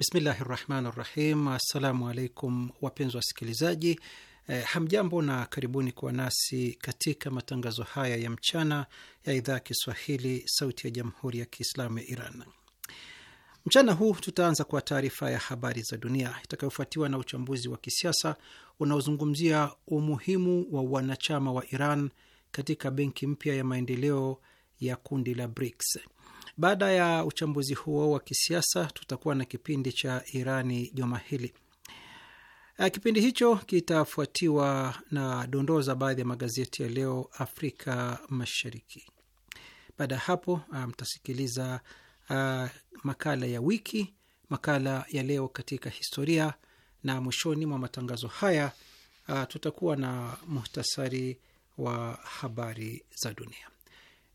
Bismillahi rahmani rahim. Assalamu alaikum wapenzi wasikilizaji, eh, hamjambo na karibuni kuwa nasi katika matangazo haya ya mchana ya idhaa ya Kiswahili sauti ya jamhuri ya Kiislamu ya Iran. Mchana huu tutaanza kwa taarifa ya habari za dunia itakayofuatiwa na uchambuzi wa kisiasa unaozungumzia umuhimu wa wanachama wa Iran katika benki mpya ya maendeleo ya kundi la BRICS. Baada ya uchambuzi huo wa kisiasa, tutakuwa na kipindi cha Irani juma hili. Eh, kipindi hicho kitafuatiwa na dondoo za baadhi ya magazeti ya leo Afrika Mashariki. Baada ya hapo, eh, mtasikiliza um, uh, makala ya wiki, makala ya leo katika historia, na mwishoni mwa matangazo haya uh, tutakuwa na muhtasari wa habari za dunia.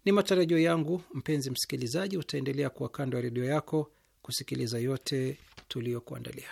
Ni matarajio yangu mpenzi msikilizaji, utaendelea kuwa kando ya redio yako kusikiliza yote tuliyokuandalia.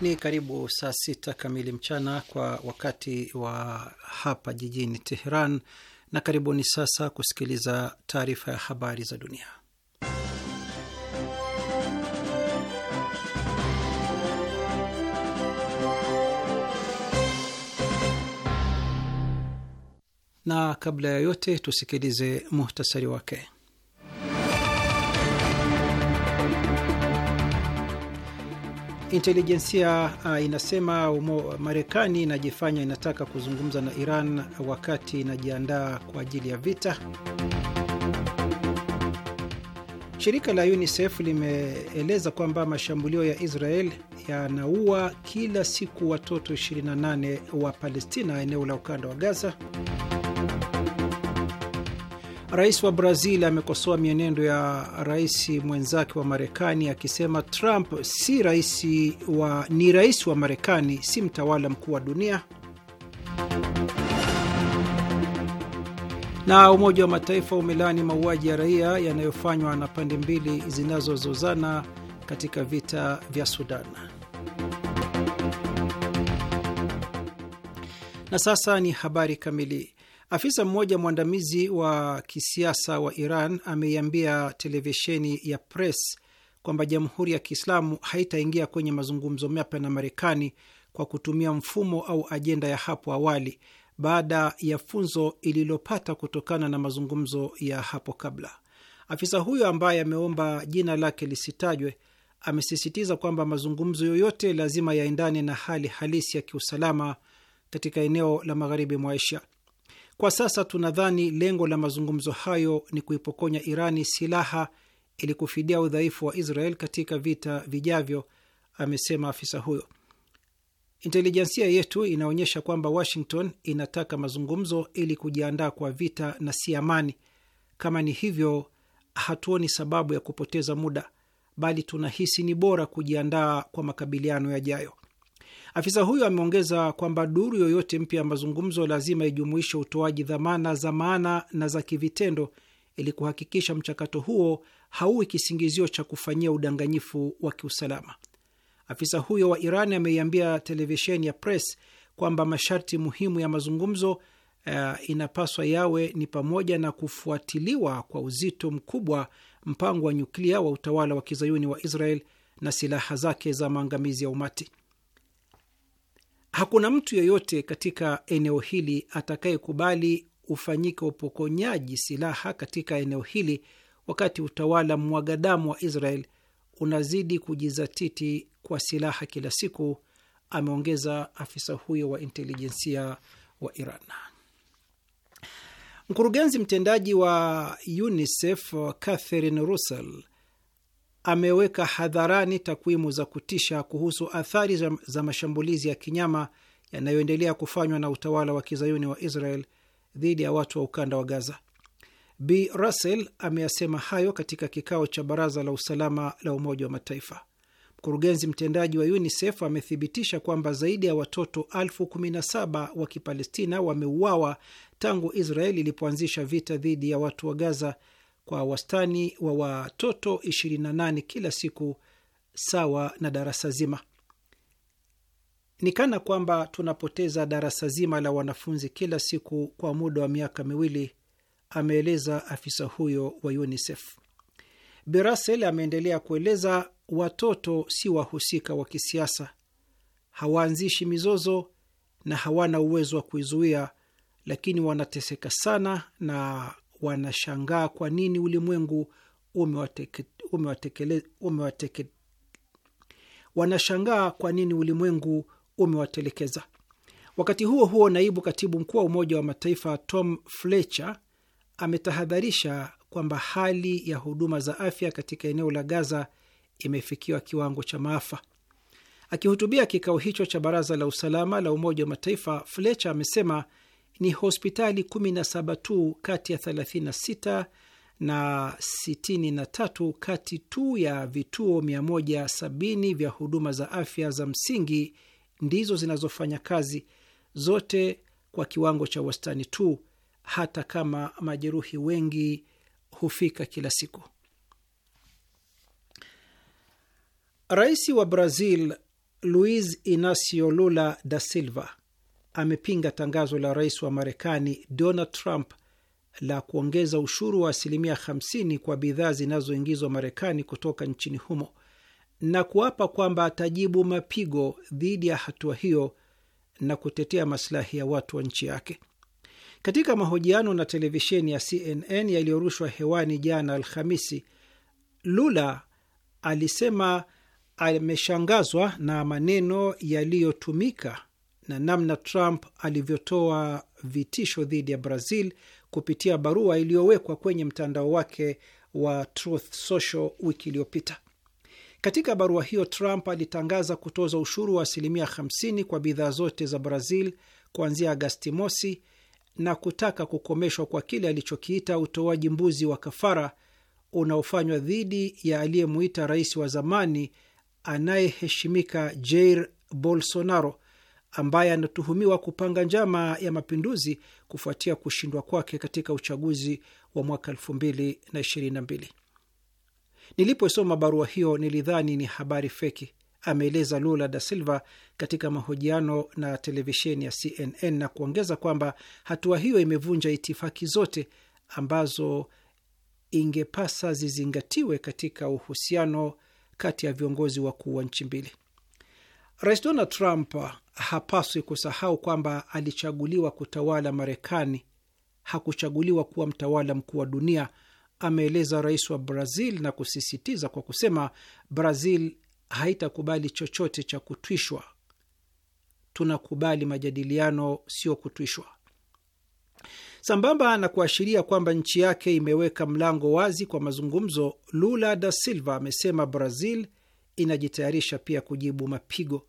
Ni karibu saa sita kamili mchana kwa wakati wa hapa jijini Teheran, na karibuni sasa kusikiliza taarifa ya habari za dunia. Na kabla ya yote tusikilize muhtasari wake. Intelijensia uh, inasema umo, Marekani inajifanya inataka kuzungumza na Iran wakati inajiandaa kwa ajili ya vita. Shirika la UNICEF limeeleza kwamba mashambulio ya Israel yanaua kila siku watoto 28 wa Palestina eneo la ukanda wa Gaza. Rais wa Brazil amekosoa mienendo ya rais mwenzake wa Marekani akisema Trump si rais wa, ni rais wa Marekani, si mtawala mkuu wa dunia. Na Umoja wa Mataifa umelaani mauaji ya raia yanayofanywa na pande mbili zinazozozana katika vita vya Sudan. Na sasa ni habari kamili. Afisa mmoja mwandamizi wa kisiasa wa Iran ameiambia televisheni ya Press kwamba Jamhuri ya Kiislamu haitaingia kwenye mazungumzo mapya na Marekani kwa kutumia mfumo au ajenda ya hapo awali baada ya funzo ililopata kutokana na mazungumzo ya hapo kabla. Afisa huyo ambaye ameomba jina lake lisitajwe amesisitiza kwamba mazungumzo yoyote lazima yaendane na hali halisi ya kiusalama katika eneo la magharibi mwa Asia. Kwa sasa tunadhani lengo la mazungumzo hayo ni kuipokonya Irani silaha ili kufidia udhaifu wa Israel katika vita vijavyo, amesema afisa huyo. Intelijensia yetu inaonyesha kwamba Washington inataka mazungumzo ili kujiandaa kwa vita na si amani. Kama ni hivyo, hatuoni sababu ya kupoteza muda, bali tunahisi ni bora kujiandaa kwa makabiliano yajayo. Afisa huyo ameongeza kwamba duru yoyote mpya ya mazungumzo lazima ijumuishe utoaji dhamana za maana na za kivitendo ili kuhakikisha mchakato huo hauwi kisingizio cha kufanyia udanganyifu wa kiusalama. Afisa huyo wa Iran ameiambia televisheni ya Press kwamba masharti muhimu ya mazungumzo uh, inapaswa yawe ni pamoja na kufuatiliwa kwa uzito mkubwa mpango wa nyuklia wa utawala wa kizayuni wa Israel na silaha zake za maangamizi ya umati. Hakuna mtu yeyote katika eneo hili atakayekubali ufanyike upokonyaji silaha katika eneo hili wakati utawala mwagadamu wa Israel unazidi kujizatiti kwa silaha kila siku, ameongeza afisa huyo wa intelijensia wa Iran. Mkurugenzi mtendaji wa UNICEF Catherine Russell ameweka hadharani takwimu za kutisha kuhusu athari za, za mashambulizi ya kinyama yanayoendelea kufanywa na utawala wa kizayuni wa Israel dhidi ya watu wa ukanda wa Gaza. b Russell ameyasema hayo katika kikao cha Baraza la Usalama la Umoja wa Mataifa. Mkurugenzi mtendaji wa UNICEF amethibitisha kwamba zaidi ya watoto elfu kumi na saba wa Kipalestina wameuawa tangu Israel ilipoanzisha vita dhidi ya watu wa Gaza kwa wastani wa watoto 28 kila siku sawa na darasa zima. Ni kana kwamba tunapoteza darasa zima la wanafunzi kila siku kwa muda wa miaka miwili, ameeleza afisa huyo wa UNICEF. Birasel ameendelea kueleza, watoto si wahusika wa kisiasa, hawaanzishi mizozo na hawana uwezo wa kuizuia, lakini wanateseka sana na wanashangaa kwa nini ulimwengu umewateke, umewateke, wanashangaa kwa nini ulimwengu umewatelekeza. Wakati huo huo, naibu katibu mkuu wa Umoja wa Mataifa Tom Fletcher ametahadharisha kwamba hali ya huduma za afya katika eneo la Gaza imefikiwa kiwango cha maafa. Akihutubia kikao hicho cha Baraza la Usalama la Umoja wa Mataifa, Fletcher amesema ni hospitali 17 tu kati ya 36 na 63 kati tu ya vituo 170 vya huduma za afya za msingi ndizo zinazofanya kazi, zote kwa kiwango cha wastani tu, hata kama majeruhi wengi hufika kila siku. Rais wa Brazil Luiz Inacio Lula da Silva amepinga tangazo la rais wa Marekani Donald Trump la kuongeza ushuru wa asilimia 50 kwa bidhaa zinazoingizwa Marekani kutoka nchini humo na kuapa kwamba atajibu mapigo dhidi ya hatua hiyo na kutetea masilahi ya watu wa nchi yake. Katika mahojiano na televisheni ya CNN yaliyorushwa hewani jana Alhamisi, Lula alisema ameshangazwa na maneno yaliyotumika na namna Trump alivyotoa vitisho dhidi ya Brazil kupitia barua iliyowekwa kwenye mtandao wake wa Truth Social wiki iliyopita. Katika barua hiyo, Trump alitangaza kutoza ushuru wa asilimia 50 kwa bidhaa zote za Brazil kuanzia Agasti mosi na kutaka kukomeshwa kwa kile alichokiita utoaji mbuzi wa kafara unaofanywa dhidi ya aliyemuita rais wa zamani anayeheshimika Jair Bolsonaro ambaye anatuhumiwa kupanga njama ya mapinduzi kufuatia kushindwa kwake katika uchaguzi wa mwaka 2022. Niliposoma barua hiyo nilidhani ni habari feki, ameeleza Lula da Silva katika mahojiano na televisheni ya CNN na kuongeza kwamba hatua hiyo imevunja itifaki zote ambazo ingepasa zizingatiwe katika uhusiano kati ya viongozi wakuu wa nchi mbili. Rais Donald Trump hapaswi kusahau kwamba alichaguliwa kutawala Marekani, hakuchaguliwa kuwa mtawala mkuu wa dunia, ameeleza rais wa Brazil na kusisitiza kwa kusema, Brazil haitakubali chochote cha kutwishwa. Tunakubali majadiliano, sio kutwishwa. Sambamba na kuashiria kwamba nchi yake imeweka mlango wazi kwa mazungumzo, Lula da Silva amesema Brazil inajitayarisha pia kujibu mapigo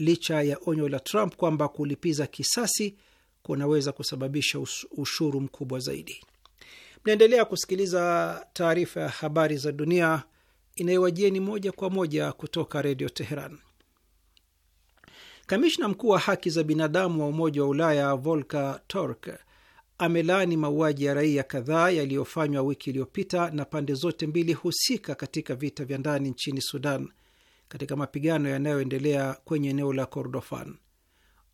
licha ya onyo la Trump kwamba kulipiza kisasi kunaweza kusababisha ushuru mkubwa zaidi. Mnaendelea kusikiliza taarifa ya habari za dunia inayowajieni moja kwa moja kutoka redio Teheran. Kamishna mkuu wa haki za binadamu wa Umoja wa Ulaya Volker Turk amelaani mauaji ya raia kadhaa yaliyofanywa wiki iliyopita na pande zote mbili husika katika vita vya ndani nchini Sudan katika mapigano yanayoendelea kwenye eneo la Kordofan.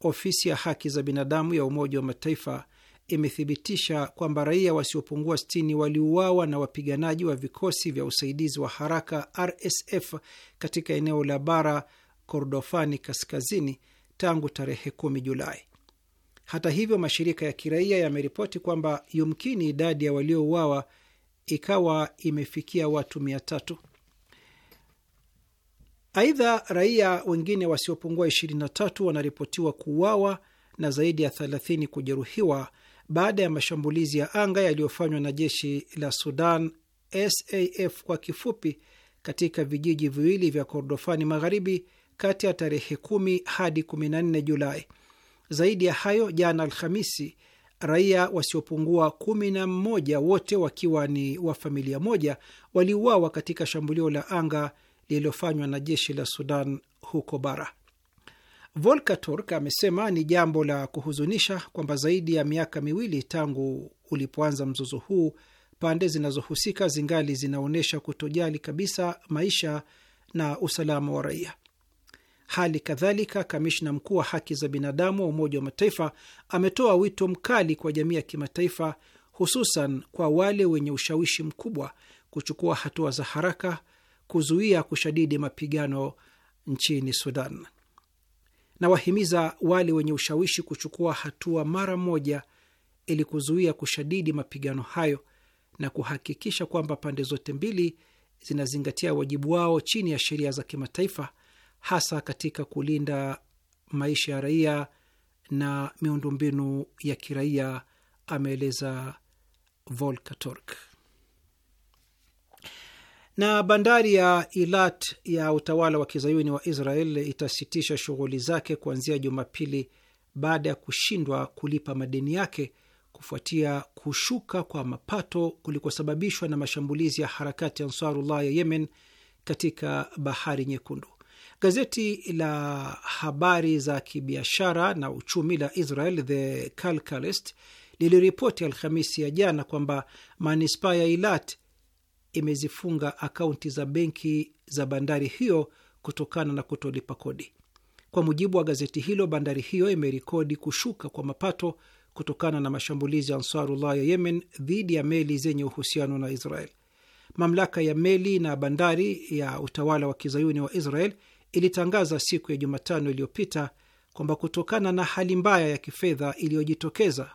Ofisi ya haki za binadamu ya Umoja wa Mataifa imethibitisha kwamba raia wasiopungua 60 waliuawa na wapiganaji wa vikosi vya usaidizi wa haraka RSF katika eneo la bara Kordofani kaskazini tangu tarehe 10 Julai. Hata hivyo, mashirika ya kiraia yameripoti kwamba yumkini idadi ya waliouawa ikawa imefikia watu mia tatu. Aidha, raia wengine wasiopungua 23 wanaripotiwa kuuawa na zaidi ya 30 kujeruhiwa baada ya mashambulizi ya anga yaliyofanywa na jeshi la Sudan SAF kwa kifupi katika vijiji viwili vya Kordofani Magharibi kati ya tarehe 10 hadi 14 Julai. Zaidi ya hayo, jana Alhamisi, raia wasiopungua kumi na mmoja, wote wakiwa ni wa familia moja, waliuawa katika shambulio la anga lililofanywa na jeshi la Sudan huko Bara. Volker Turk amesema ni jambo la kuhuzunisha kwamba zaidi ya miaka miwili tangu ulipoanza mzozo huu, pande zinazohusika zingali zinaonyesha kutojali kabisa maisha na usalama wa raia. Hali kadhalika, kamishna mkuu wa haki za binadamu wa Umoja wa Mataifa ametoa wito mkali kwa jamii ya kimataifa, hususan kwa wale wenye ushawishi mkubwa, kuchukua hatua za haraka kuzuia kushadidi mapigano nchini Sudan. Nawahimiza wale wenye ushawishi kuchukua hatua mara moja ili kuzuia kushadidi mapigano hayo na kuhakikisha kwamba pande zote mbili zinazingatia wajibu wao chini ya sheria za kimataifa, hasa katika kulinda maisha ya raia na miundombinu ya kiraia, ameeleza Volker Turk. Na bandari ya Ilat ya utawala wa kizayuni wa Israel itasitisha shughuli zake kuanzia Jumapili baada ya kushindwa kulipa madeni yake kufuatia kushuka kwa mapato kulikosababishwa na mashambulizi ya harakati Ansarullah ya Yemen katika Bahari Nyekundu. Gazeti la habari za kibiashara na uchumi la Israel The Calcalist liliripoti Alhamisi ya jana kwamba manispaa ya Ilat imezifunga akaunti za benki za bandari hiyo kutokana na kutolipa kodi. Kwa mujibu wa gazeti hilo, bandari hiyo imerekodi kushuka kwa mapato kutokana na mashambulizi ya Ansarullah ya Yemen dhidi ya meli zenye uhusiano na Israel. Mamlaka ya meli na bandari ya utawala wa kizayuni wa Israel ilitangaza siku ya Jumatano iliyopita kwamba kutokana na hali mbaya ya kifedha iliyojitokeza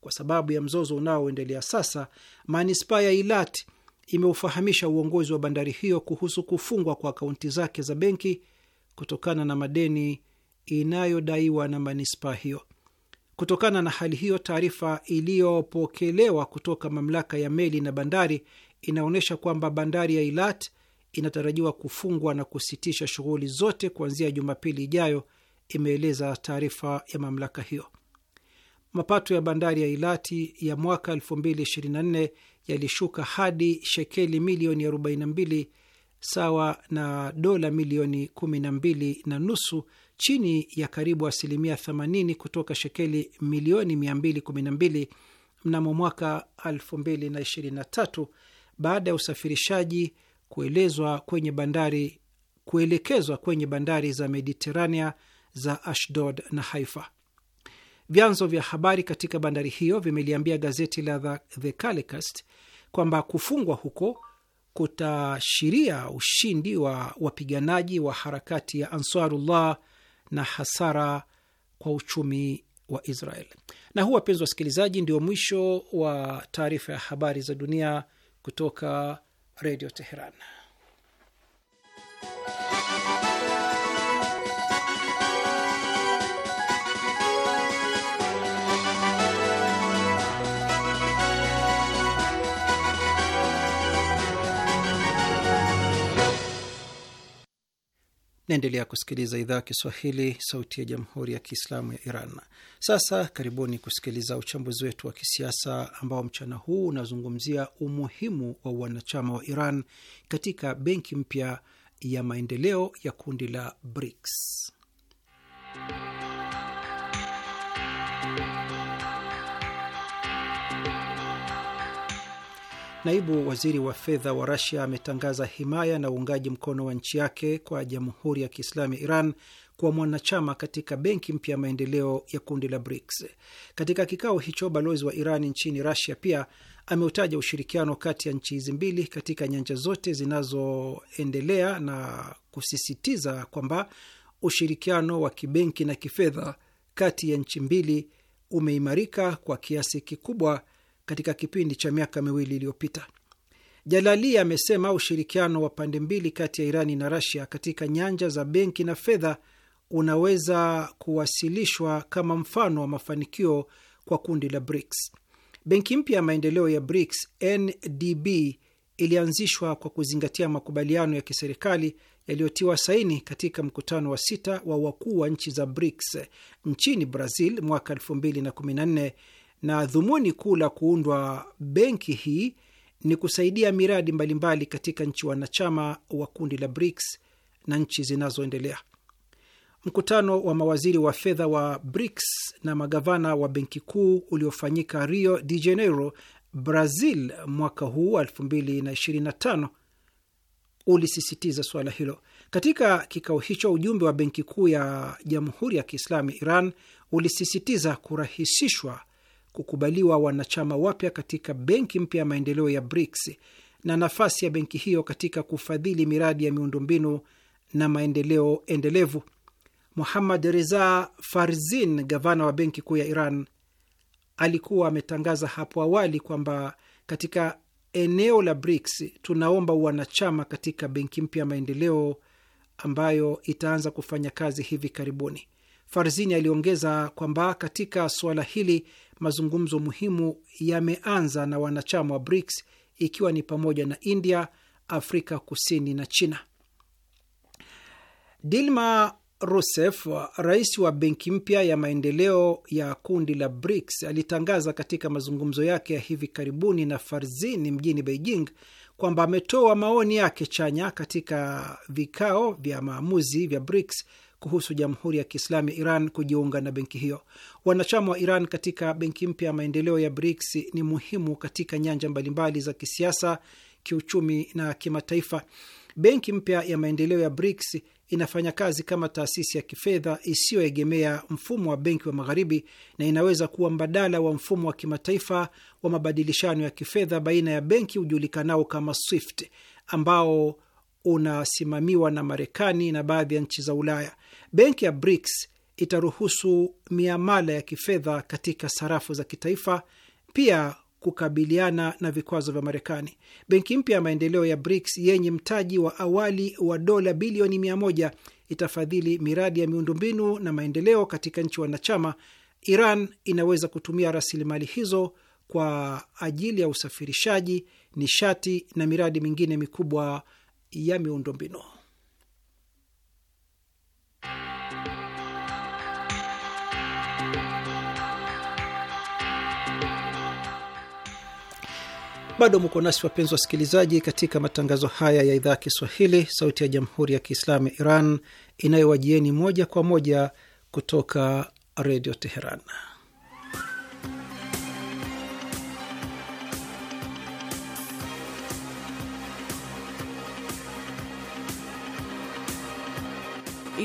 kwa sababu ya mzozo unaoendelea sasa, manispaa ya Ilat imeufahamisha uongozi wa bandari hiyo kuhusu kufungwa kwa akaunti zake za benki kutokana na madeni inayodaiwa na manispaa hiyo. Kutokana na hali hiyo, taarifa iliyopokelewa kutoka mamlaka ya meli na bandari inaonyesha kwamba bandari ya Ilat inatarajiwa kufungwa na kusitisha shughuli zote kuanzia Jumapili ijayo, imeeleza taarifa ya mamlaka hiyo mapato ya bandari ya Ilati ya mwaka 2024 yalishuka hadi shekeli milioni 42 sawa na dola milioni 12 na nusu, chini ya karibu asilimia 80 kutoka shekeli milioni 212 mnamo mwaka 2023 baada ya usafirishaji kuelezwa kwenye bandari kuelekezwa kwenye bandari za Mediterania za Ashdod na Haifa. Vyanzo vya habari katika bandari hiyo vimeliambia gazeti la The Calicast kwamba kufungwa huko kutashiria ushindi wa wapiganaji wa harakati ya Ansarullah na hasara kwa uchumi wa Israel. Na huu, wapenzi wasikilizaji, ndio mwisho wa taarifa ya habari za dunia kutoka Redio Teheran. Naendelea kusikiliza idhaa Kiswahili, sauti ya jamhuri ya kiislamu ya Iran. Sasa karibuni kusikiliza uchambuzi wetu wa kisiasa ambao mchana huu unazungumzia umuhimu wa wanachama wa Iran katika benki mpya ya maendeleo ya kundi la BRICS. Naibu waziri wa fedha wa Rasia ametangaza himaya na uungaji mkono wa nchi yake kwa Jamhuri ya Kiislamu ya Iran kwa mwanachama katika benki mpya ya maendeleo ya kundi la BRICS. Katika kikao hicho, balozi wa Iran nchini Rasia pia ameutaja ushirikiano kati ya nchi hizi mbili katika nyanja zote zinazoendelea na kusisitiza kwamba ushirikiano wa kibenki na kifedha kati ya nchi mbili umeimarika kwa kiasi kikubwa katika kipindi cha miaka miwili iliyopita. Jalalia amesema ushirikiano wa pande mbili kati ya Irani na Rasia katika nyanja za benki na fedha unaweza kuwasilishwa kama mfano wa mafanikio kwa kundi la BRICS. Benki mpya ya maendeleo ya BRICS, NDB, ilianzishwa kwa kuzingatia makubaliano ya kiserikali yaliyotiwa saini katika mkutano wa sita wa wakuu wa nchi za BRICS nchini Brazil mwaka na dhumuni kuu la kuundwa benki hii ni kusaidia miradi mbalimbali katika nchi wanachama wa kundi la BRICS na nchi zinazoendelea. Mkutano wa mawaziri wa fedha wa BRICS na magavana wa benki kuu uliofanyika Rio de Janeiro, Brazil, mwaka huu 2025 ulisisitiza suala hilo. Katika kikao hicho, ujumbe wa benki kuu ya Jamhuri ya Kiislamu Iran ulisisitiza kurahisishwa kukubaliwa wanachama wapya katika benki mpya ya maendeleo ya BRICS na nafasi ya benki hiyo katika kufadhili miradi ya miundombinu na maendeleo endelevu. Muhammad Reza Farzin, gavana wa benki kuu ya Iran, alikuwa ametangaza hapo awali kwamba katika eneo la BRICS tunaomba wanachama katika benki mpya ya maendeleo ambayo itaanza kufanya kazi hivi karibuni. Farzini aliongeza kwamba katika suala hili mazungumzo muhimu yameanza na wanachama wa BRICS ikiwa ni pamoja na India, Afrika Kusini na China. Dilma Rousseff, rais wa benki mpya ya maendeleo ya kundi la BRICS, alitangaza katika mazungumzo yake ya hivi karibuni na Farzini mjini Beijing kwamba ametoa maoni yake chanya katika vikao vya maamuzi vya BRICS kuhusu Jamhuri ya Kiislamu ya Iran kujiunga na benki hiyo. Wanachama wa Iran katika benki mpya ya maendeleo ya BRICS ni muhimu katika nyanja mbalimbali za kisiasa, kiuchumi na kimataifa. Benki mpya ya maendeleo ya BRICS inafanya kazi kama taasisi ya kifedha isiyoegemea mfumo wa benki wa magharibi na inaweza kuwa mbadala wa mfumo wa kimataifa wa mabadilishano ya kifedha baina ya benki ujulikanao kama SWIFT ambao unasimamiwa na Marekani na baadhi ya nchi za Ulaya. Benki ya BRICS itaruhusu miamala ya kifedha katika sarafu za kitaifa, pia kukabiliana na vikwazo vya Marekani. Benki mpya ya maendeleo ya BRICS yenye mtaji wa awali wa dola bilioni mia moja itafadhili miradi ya miundombinu na maendeleo katika nchi wanachama. Iran inaweza kutumia rasilimali hizo kwa ajili ya usafirishaji, nishati na miradi mingine mikubwa ya miundombinu. Bado mko nasi wapenzi wasikilizaji, katika matangazo haya ya idhaa ya Kiswahili, sauti ya jamhuri ya kiislamu ya Iran inayowajieni moja kwa moja kutoka redio Teheran.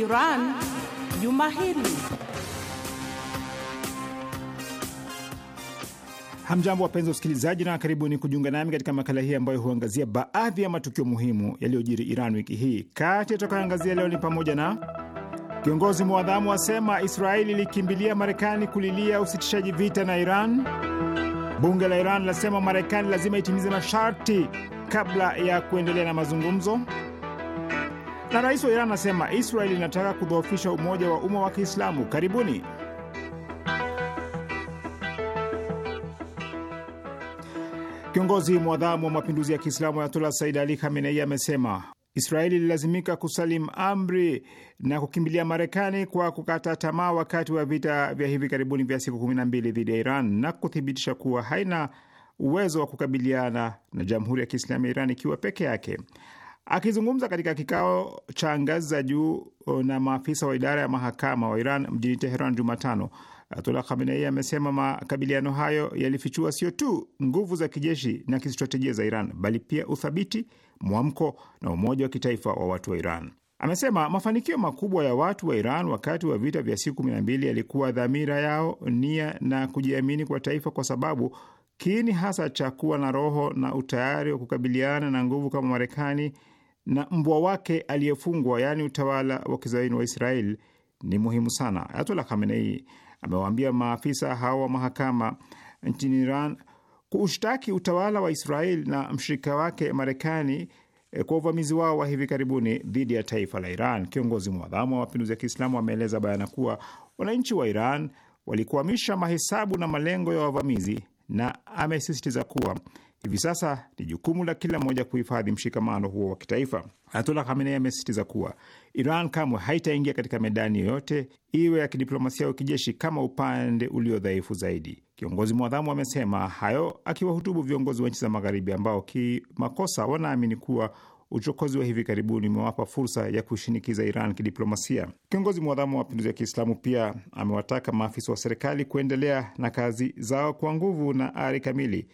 Iran juma hili. Hamjambo, wapenzi wa usikilizaji, na karibuni kujiunga nami katika makala hii ambayo huangazia baadhi ya matukio muhimu yaliyojiri Iran wiki hii. Kati yatakayoangazia leo ni pamoja na kiongozi mwadhamu asema Israeli ilikimbilia Marekani kulilia usitishaji vita na Iran, bunge la Iran lasema Marekani lazima itimize masharti kabla ya kuendelea na mazungumzo na rais wa Iran anasema Israeli inataka kudhoofisha umoja wa umma wa Kiislamu. Karibuni. Kiongozi mwadhamu wa mapinduzi ya Kiislamu Ayatola Said Ali Khamenei amesema Israeli ililazimika kusalim amri na kukimbilia Marekani kwa kukata tamaa wakati wa vita vya hivi karibuni vya siku kumi na mbili dhidi ya Iran na kuthibitisha kuwa haina uwezo wa kukabiliana na jamhuri ya Kiislamu ya Iran ikiwa peke yake. Akizungumza katika kikao cha ngazi za juu uh, na maafisa wa idara ya mahakama wa Iran mjini Teheran Jumatano, Ayatullah Khamenei amesema makabiliano hayo yalifichua sio tu nguvu za kijeshi na kistratejia za Iran bali pia uthabiti, mwamko na umoja wa kitaifa wa watu wa Iran. Amesema mafanikio makubwa ya watu wa Iran wakati wa vita vya siku 12 yalikuwa dhamira yao, nia na kujiamini kwa taifa, kwa sababu kiini hasa cha kuwa na roho na utayari wa kukabiliana na nguvu kama Marekani na mbwa wake aliyefungwa, yaani utawala wa kizaini wa Israel ni muhimu sana. Ayatollah Khamenei amewaambia maafisa hawa wa mahakama nchini Iran kuushtaki utawala wa Israel na mshirika wake Marekani e, kwa uvamizi wao wa hivi karibuni dhidi ya taifa la Iran. Kiongozi mwadhamu wa mapinduzi ya Kiislamu ameeleza bayana kuwa wananchi wa Iran walikuamisha mahesabu na malengo ya wavamizi, na amesisitiza kuwa Hivi sasa ni jukumu la kila mmoja kuhifadhi mshikamano huo wa kitaifa. Ayatollah Khamenei amesisitiza kuwa Iran kamwe haitaingia katika medani yoyote, iwe ya kidiplomasia au kijeshi, kama upande ulio dhaifu zaidi. Kiongozi mwadhamu amesema hayo akiwahutubu viongozi wa nchi za Magharibi ambao kimakosa wanaamini kuwa uchokozi wa hivi karibuni umewapa fursa ya kushinikiza Iran kidiplomasia. Kiongozi mwadhamu wa mapinduzi ya Kiislamu pia amewataka maafisa wa serikali kuendelea na kazi zao kwa nguvu na ari kamili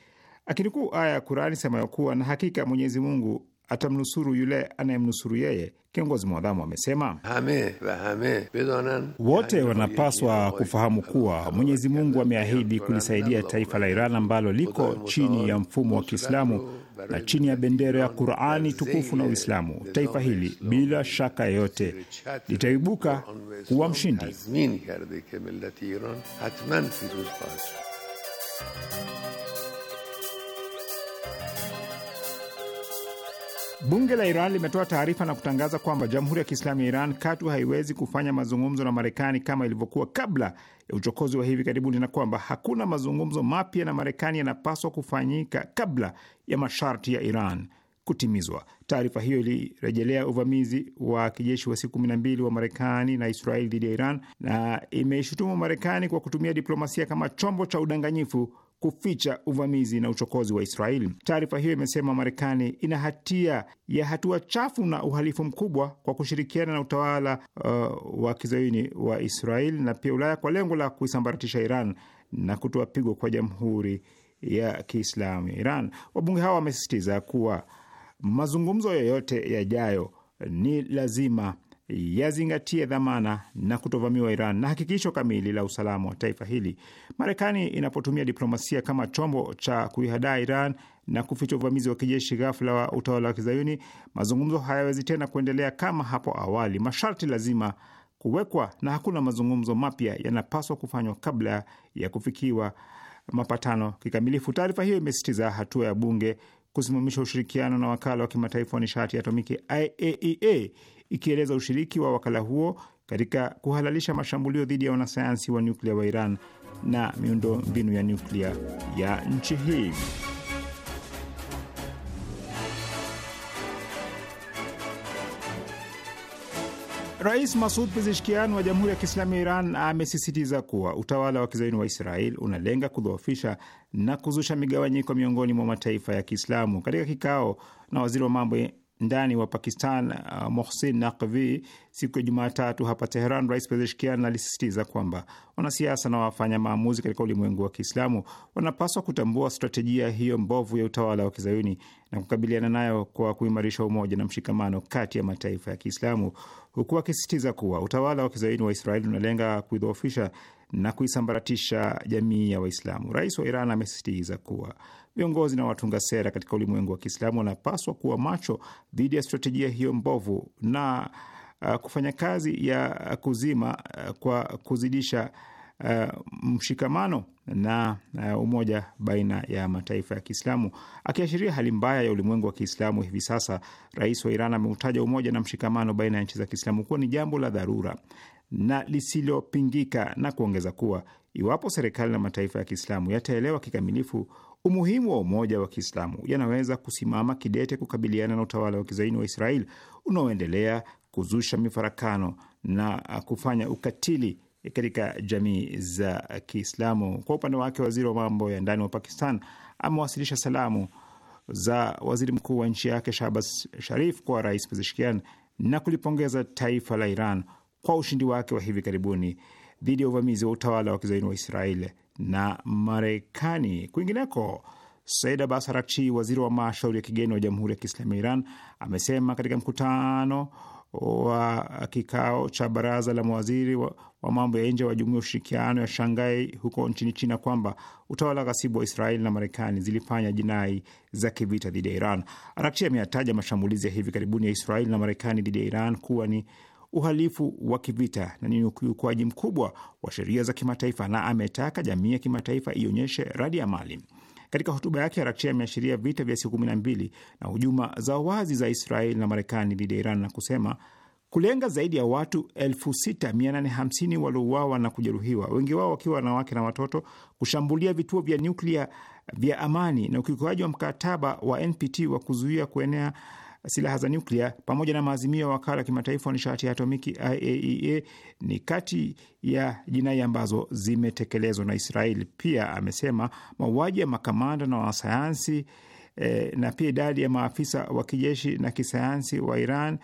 Akinukuu aya ya Kurani semayo kuwa na hakika Mwenyezi Mungu atamnusuru yule anayemnusuru yeye. Kiongozi mwadhamu amesema wote wanapaswa kufahamu kuwa Mwenyezi Mungu ameahidi kulisaidia taifa la Iran ambalo liko chini ya mfumo wa Kiislamu na chini ya bendera ya Qurani tukufu na Uislamu. Taifa hili bila shaka yoyote litaibuka kuwa mshindi. Bunge la Iran limetoa taarifa na kutangaza kwamba Jamhuri ya Kiislamu ya Iran katu haiwezi kufanya mazungumzo na Marekani kama ilivyokuwa kabla ya uchokozi wa hivi karibuni, na kwamba hakuna mazungumzo mapya na Marekani yanapaswa kufanyika kabla ya masharti ya Iran kutimizwa. Taarifa hiyo ilirejelea uvamizi wa kijeshi wa siku kumi na mbili wa Marekani na Israeli dhidi ya Iran na imeishutumu Marekani kwa kutumia diplomasia kama chombo cha udanganyifu kuficha uvamizi na uchokozi wa Israeli. Taarifa hiyo imesema Marekani ina hatia ya hatua chafu na uhalifu mkubwa kwa kushirikiana na utawala uh, wa kizayuni wa Israeli na pia Ulaya kwa lengo la kuisambaratisha Iran na kutoa pigo kwa Jamhuri ya Kiislamu ya Iran. Wabunge hawa wamesisitiza kuwa mazungumzo yoyote yajayo ni lazima yazingatie dhamana na kutovamiwa Iran na hakikisho kamili la usalama wa taifa hili. Marekani inapotumia diplomasia kama chombo cha kuihadaa Iran na kuficha uvamizi wa kijeshi ghafla wa utawala wa kizayuni, mazungumzo hayawezi tena kuendelea kama hapo awali. Masharti lazima kuwekwa na hakuna mazungumzo mapya yanapaswa kufanywa kabla ya kufikiwa mapatano kikamilifu. Taarifa hiyo imesisitiza hatua ya bunge kusimamisha ushirikiano na wakala wa kimataifa wa nishati ya atomiki IAEA, e ikieleza ushiriki wa wakala huo katika kuhalalisha mashambulio dhidi ya wanasayansi wa nyuklia wa Iran na miundo mbinu ya nyuklia ya nchi hii. Rais Masud Pezeshkian wa Jamhuri ya Kiislamu ya Iran amesisitiza kuwa utawala wa kizaini wa Israel unalenga kudhoofisha na kuzusha migawanyiko miongoni mwa mataifa ya Kiislamu. Katika kikao na waziri wa mambo ndani wa Pakistan uh, Mohsin Naqvi siku ya Jumatatu hapa Teheran, Rais Pezeshkian alisisitiza kwamba wanasiasa na wafanya maamuzi katika ulimwengu wa Kiislamu wanapaswa kutambua stratejia hiyo mbovu ya utawala wa kizayuni na kukabiliana nayo kwa kuimarisha umoja na mshikamano kati ya mataifa ya Kiislamu, huku akisisitiza kuwa utawala wa kizayuni wa Israeli unalenga kuidhoofisha na kuisambaratisha jamii ya Waislamu. Rais wa Iran amesisitiza kuwa Viongozi na watunga sera katika ulimwengu wa Kiislamu wanapaswa kuwa macho dhidi ya stratejia hiyo mbovu na uh, kufanya kazi ya kuzima uh, kwa kuzidisha uh, mshikamano na uh, umoja baina ya mataifa ya Kiislamu. Akiashiria hali mbaya ya ulimwengu wa Kiislamu hivi sasa, rais wa Iran ameutaja umoja na mshikamano baina ya nchi za Kiislamu kuwa ni jambo la dharura na lisilopingika na kuongeza kuwa iwapo serikali na mataifa ya Kiislamu yataelewa kikamilifu umuhimu wa umoja wa Kiislamu yanaweza kusimama kidete kukabiliana na utawala wa kizaini wa Israel unaoendelea kuzusha mifarakano na kufanya ukatili katika jamii za Kiislamu. Kwa upande wake, waziri wa mambo ya ndani wa Pakistan amewasilisha salamu za waziri mkuu wa nchi yake Shahbaz Sharif kwa Rais Pezeshkian na kulipongeza taifa la Iran kwa ushindi wake wa hivi karibuni dhidi ya uvamizi wa utawala wa kizaini wa Israeli na Marekani. Kwingineko, Said Abbas Arakchi, waziri wa mashauri ya kigeni wa Jamhuri ya Kiislamu ya Iran, amesema katika mkutano wa kikao cha baraza la mawaziri wa, wa mambo ya nje wa Jumuiya ya Ushirikiano ya Shangai huko nchini China kwamba utawala ghasibu wa Israeli na Marekani zilifanya jinai za kivita dhidi ya Iran. Arakchi ameyataja mashambulizi ya hivi karibuni ya Israeli na Marekani dhidi ya Iran kuwa ni uhalifu wa kivita na ni ukiukaji mkubwa wa sheria za kimataifa, na ametaka jamii ya kimataifa ionyeshe radi ya mali. Katika hotuba yake, Arakchi ameashiria vita vya siku kumi na mbili na hujuma za wazi za Israeli na Marekani dhidi ya Iran na kusema kulenga zaidi ya watu 6850 waliouawa na kujeruhiwa, wengi wao wakiwa wanawake na watoto, kushambulia vituo vya nyuklia vya amani na ukiukaji wa mkataba wa NPT wa kuzuia kuenea silaha za nyuklia pamoja na maazimio ya wakala wa kimataifa wa nishati ya atomiki IAEA e ni kati ya jinai ambazo zimetekelezwa na Israeli. Pia amesema mauaji ya makamanda na wanasayansi e, na pia idadi ya maafisa wa kijeshi na kisayansi wa Iran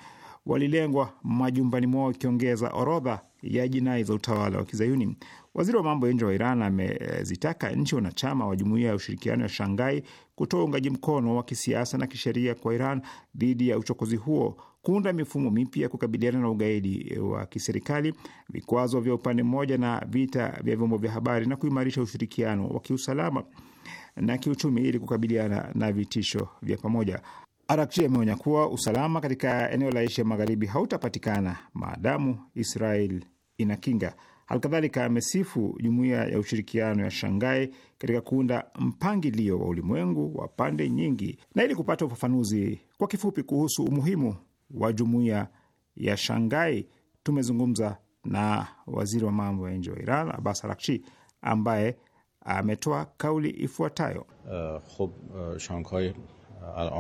walilengwa majumbani mwao, ikiongeza orodha ya jinai za utawala wa kizayuni. Waziri wa mambo ya nje wa Iran amezitaka nchi wanachama wa jumuiya ya ushirikiano ya Shangai kutoa uungaji mkono wa kisiasa na kisheria kwa Iran dhidi ya uchokozi huo, kuunda mifumo mipya kukabiliana na ugaidi wa kiserikali, vikwazo vya upande mmoja na vita vya vyombo vya habari, na kuimarisha ushirikiano wa kiusalama na kiuchumi ili kukabiliana na vitisho vya pamoja. Arakchi ameonya kuwa usalama katika eneo la Asia Magharibi hautapatikana maadamu Israel inakinga Halikadhalika amesifu jumuiya ya ushirikiano ya Shangai katika kuunda mpangilio wa ulimwengu wa pande nyingi. Na ili kupata ufafanuzi kwa kifupi kuhusu umuhimu wa jumuiya ya Shangai, tumezungumza na waziri wa mambo ya nje wa Iran Abbas Araghchi ambaye ametoa kauli ifuatayo: uh, khub, uh, Shanghai, uh,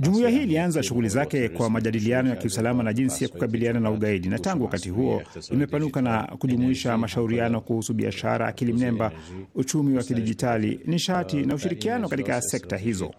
Jumuiya hii ilianza shughuli zake kwa majadiliano ya kiusalama na jinsi ya kukabiliana na ugaidi, na tangu wakati huo imepanuka na kujumuisha mashauriano kuhusu biashara, akili mnemba, uchumi wa kidijitali, nishati na ushirikiano katika sekta hizo.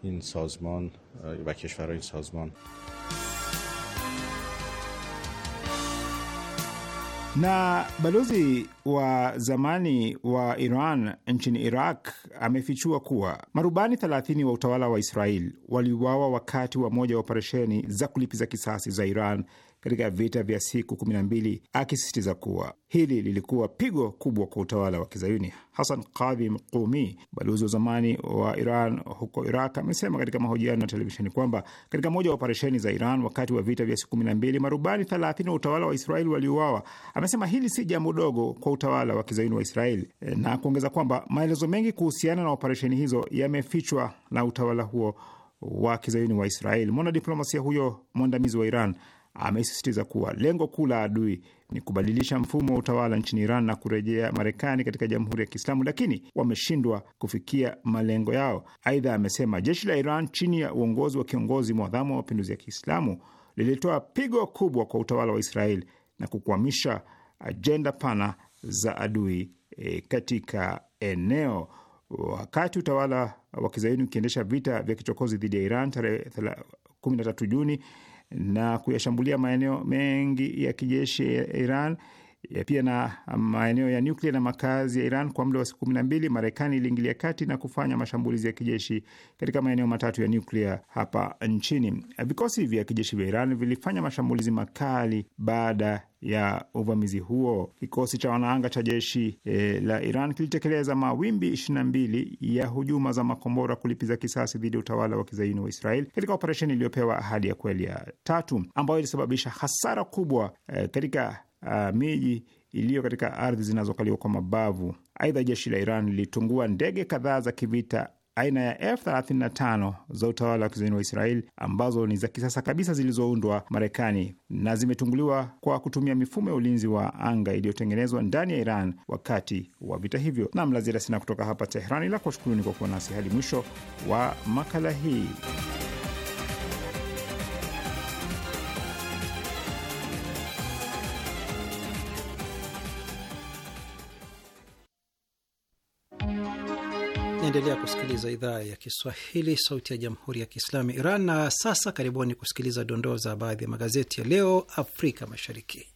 Na balozi wa zamani wa Iran nchini Iraq amefichua kuwa marubani 30 wa utawala wa Israel waliuawa wakati wa moja wa operesheni za kulipiza kisasi za Iran katika vita vya siku 12 akisisitiza kuwa hili lilikuwa pigo kubwa kwa utawala wa kizayuni. Hasan Kadhim Qumi, balozi wa zamani wa Iran huko Iraq, amesema katika mahojiano na televisheni kwamba katika moja wa operesheni za Iran wakati wa vita vya siku 12 marubani 3 wa utawala wa Israel waliuawa. Amesema hili si jambo dogo kwa utawala wa kizayuni wa israel na kuongeza kwamba maelezo mengi kuhusiana na operesheni hizo yamefichwa na utawala huo wa kizayuni wa Israel. Mwanadiplomasia huyo mwandamizi wa Iran amesisitiza kuwa lengo kuu la adui ni kubadilisha mfumo wa utawala nchini Iran na kurejea Marekani katika Jamhuri ya Kiislamu, lakini wameshindwa kufikia malengo yao. Aidha, amesema jeshi la Iran chini ya uongozi wa kiongozi mwadhamu wa mapinduzi ya Kiislamu lilitoa pigo kubwa kwa utawala wa Israeli na kukwamisha ajenda pana za adui e, katika eneo. Wakati utawala wa kizayuni ukiendesha vita vya kichokozi dhidi ya Iran tarehe 13 Juni na kuyashambulia maeneo mengi ya kijeshi ya Iran ya e, pia na maeneo ya nyuklia na makazi ya Iran kwa muda wa siku kumi na mbili, Marekani iliingilia kati na kufanya mashambulizi ya kijeshi katika maeneo matatu ya nyuklia hapa nchini. E, vikosi vya kijeshi vya Iran vilifanya mashambulizi makali baada ya uvamizi huo. Kikosi cha wanaanga cha jeshi e, la Iran kilitekeleza mawimbi 22 ya hujuma za makombora kulipiza kisasi dhidi ya utawala wa kizayuni wa Israel katika operesheni iliyopewa ahadi ya kweli ya tatu, ambayo ilisababisha hasara kubwa e, katika uh, miji iliyo katika ardhi zinazokaliwa kwa mabavu. Aidha, jeshi la Iran lilitungua ndege kadhaa za kivita aina ya F35 za utawala wa kizayuni wa Israel ambazo ni za kisasa kabisa zilizoundwa Marekani na zimetunguliwa kwa kutumia mifumo ya ulinzi wa anga iliyotengenezwa ndani ya Iran wakati wa vita hivyo. Nam lazira sina kutoka hapa Teherani, ila kuwashukuruni kwa kuwa nasi hadi mwisho wa makala hii. Naendelea kusikiliza idhaa ya Kiswahili, sauti ya jamhuri ya kiislamu Iran. Na sasa karibuni kusikiliza dondoo za baadhi ya magazeti ya leo Afrika Mashariki.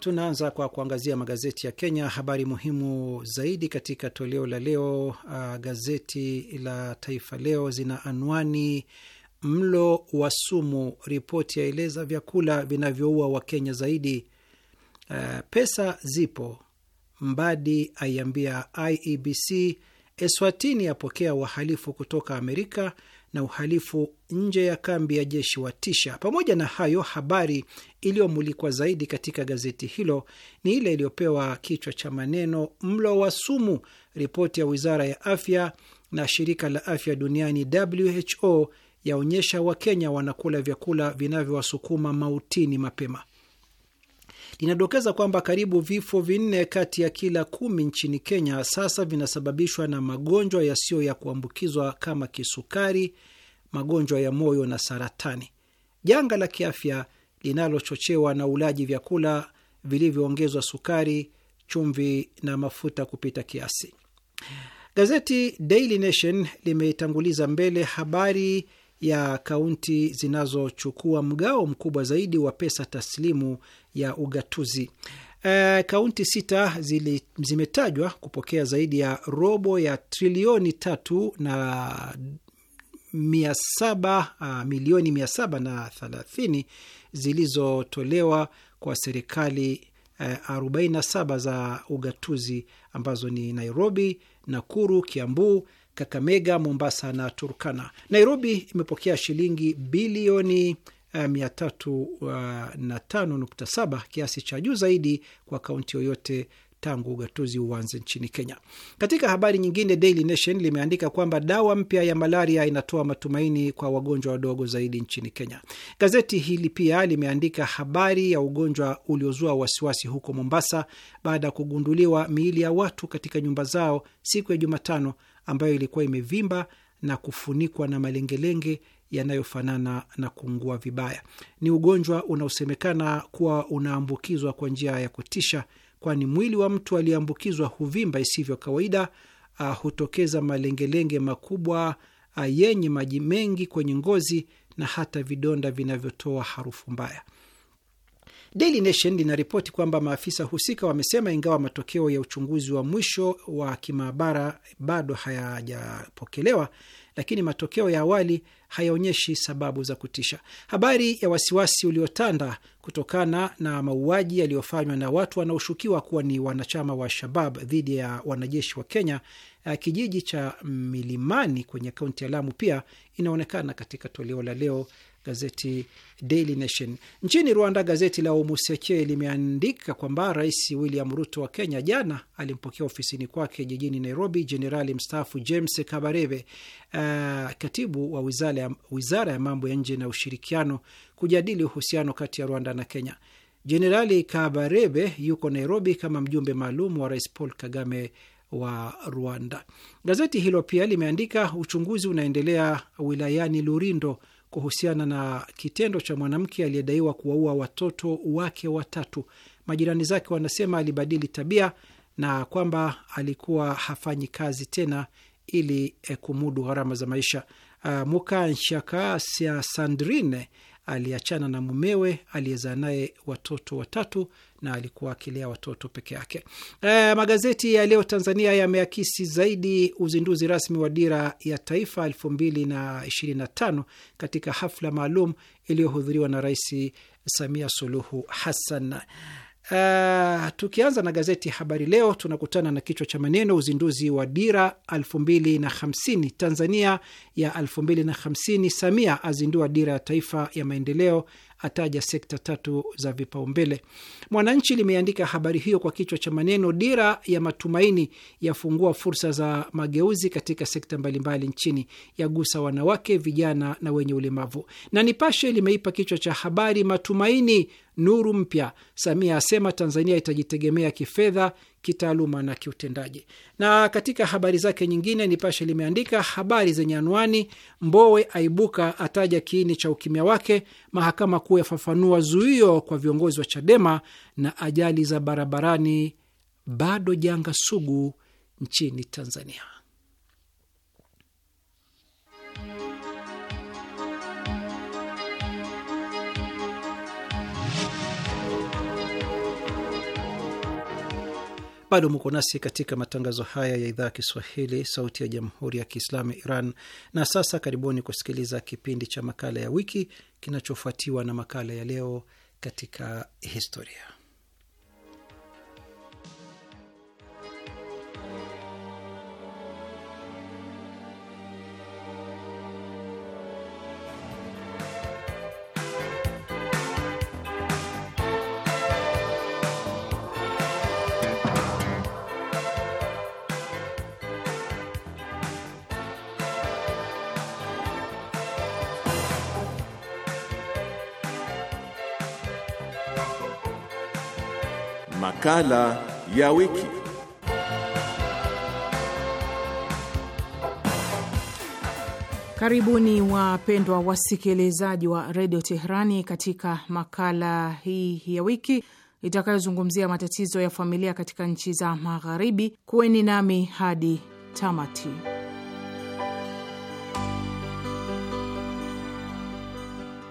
Tunaanza kwa kuangazia magazeti ya Kenya. Habari muhimu zaidi katika toleo la leo uh, gazeti la Taifa Leo zina anwani mlo wa sumu, ripoti yaeleza vyakula vinavyoua Wakenya zaidi. Uh, pesa zipo, Mbadi aiambia IEBC. Eswatini yapokea wahalifu kutoka Amerika na uhalifu nje ya kambi ya jeshi wa tisha Pamoja na hayo, habari iliyomulikwa zaidi katika gazeti hilo ni ile iliyopewa kichwa cha maneno mlo wa sumu, ripoti ya wizara ya afya na shirika la afya duniani WHO yaonyesha Wakenya wanakula vyakula vinavyowasukuma mautini mapema. Linadokeza kwamba karibu vifo vinne kati ya kila kumi nchini Kenya sasa vinasababishwa na magonjwa yasiyo ya kuambukizwa kama kisukari, magonjwa ya moyo na saratani, janga la kiafya linalochochewa na ulaji vyakula vilivyoongezwa sukari, chumvi na mafuta kupita kiasi. Gazeti Daily Nation limeitanguliza mbele habari ya kaunti zinazochukua mgao mkubwa zaidi wa pesa taslimu ya ugatuzi. E, kaunti sita zili, zimetajwa kupokea zaidi ya robo ya trilioni tatu na mia saba, a, ah, milioni mia saba na thelathini zilizotolewa kwa serikali e, eh, 47 za ugatuzi ambazo ni Nairobi, Nakuru, Kiambu, Kakamega, Mombasa na Turkana. Nairobi imepokea shilingi bilioni 305.7, eh, eh, kiasi cha juu zaidi kwa kaunti yoyote tangu ugatuzi uanze nchini Kenya. Katika habari nyingine, Daily Nation limeandika kwamba dawa mpya ya malaria inatoa matumaini kwa wagonjwa wadogo zaidi nchini Kenya. Gazeti hili pia limeandika habari ya ugonjwa uliozua wasiwasi huko Mombasa baada ya kugunduliwa miili ya watu katika nyumba zao siku ya Jumatano ambayo ilikuwa imevimba na kufunikwa na malengelenge yanayofanana na kuungua vibaya. Ni ugonjwa unaosemekana kuwa unaambukizwa kwa njia ya kutisha, kwani mwili wa mtu aliyeambukizwa huvimba isivyo kawaida. Uh, hutokeza malengelenge makubwa uh, yenye maji mengi kwenye ngozi na hata vidonda vinavyotoa harufu mbaya. Daily Nation linaripoti kwamba maafisa husika wamesema ingawa matokeo ya uchunguzi wa mwisho wa kimaabara bado hayajapokelewa, lakini matokeo ya awali hayaonyeshi sababu za kutisha. Habari ya wasiwasi uliotanda kutokana na mauaji yaliyofanywa na watu wanaoshukiwa kuwa ni wanachama wa Shabab dhidi ya wanajeshi wa Kenya eh, kijiji cha Milimani kwenye kaunti ya Lamu pia inaonekana katika toleo la leo gazeti Daily Nation. Nchini Rwanda, gazeti la Umuseke limeandika kwamba Rais William Ruto wa Kenya jana alimpokea ofisini kwake jijini Nairobi jenerali mstaafu James Kabarebe, uh, katibu wa wizara, wizara ya mambo ya nje na ushirikiano, kujadili uhusiano kati ya Rwanda na Kenya. Jenerali Kabarebe yuko Nairobi kama mjumbe maalum wa Rais Paul Kagame wa Rwanda. Gazeti hilo pia limeandika uchunguzi unaendelea wilayani Lurindo kuhusiana na kitendo cha mwanamke aliyedaiwa kuwaua watoto wake watatu. Majirani zake wanasema alibadili tabia na kwamba alikuwa hafanyi kazi tena ili eh, kumudu gharama za maisha. Uh, Mukanshaka Sandrine aliachana na mumewe aliyezaa naye watoto watatu na alikuwa akilea watoto peke yake. E, magazeti ya leo Tanzania yameakisi zaidi uzinduzi rasmi wa dira ya taifa tano katika hafla maalum iliyohudhuriwa na Rais Samia Suluhu Hassan. Uh, tukianza na gazeti Habari Leo tunakutana na kichwa cha maneno uzinduzi wa dira 2050 Tanzania ya 2050, Samia azindua dira ya taifa ya maendeleo ataja sekta tatu za vipaumbele. Mwananchi limeandika habari hiyo kwa kichwa cha maneno dira ya matumaini yafungua fursa za mageuzi katika sekta mbalimbali nchini, yagusa wanawake, vijana na wenye ulemavu. Na Nipashe limeipa kichwa cha habari matumaini, nuru mpya, Samia asema Tanzania itajitegemea kifedha kitaaluma na kiutendaji. Na katika habari zake nyingine, Nipashe limeandika habari zenye anwani Mbowe aibuka ataja kiini cha ukimya wake, mahakama kuu yafafanua zuio kwa viongozi wa Chadema, na ajali za barabarani bado janga sugu nchini Tanzania. Bado muko nasi katika matangazo haya ya idhaa ya Kiswahili, sauti ya jamhuri ya kiislamu ya Iran. Na sasa karibuni kusikiliza kipindi cha makala ya wiki kinachofuatiwa na makala ya leo katika historia. Makala ya wiki. Karibuni wapendwa wasikilizaji wa redio Teherani katika makala hii ya wiki itakayozungumzia matatizo ya familia katika nchi za Magharibi. Kuweni nami hadi tamati.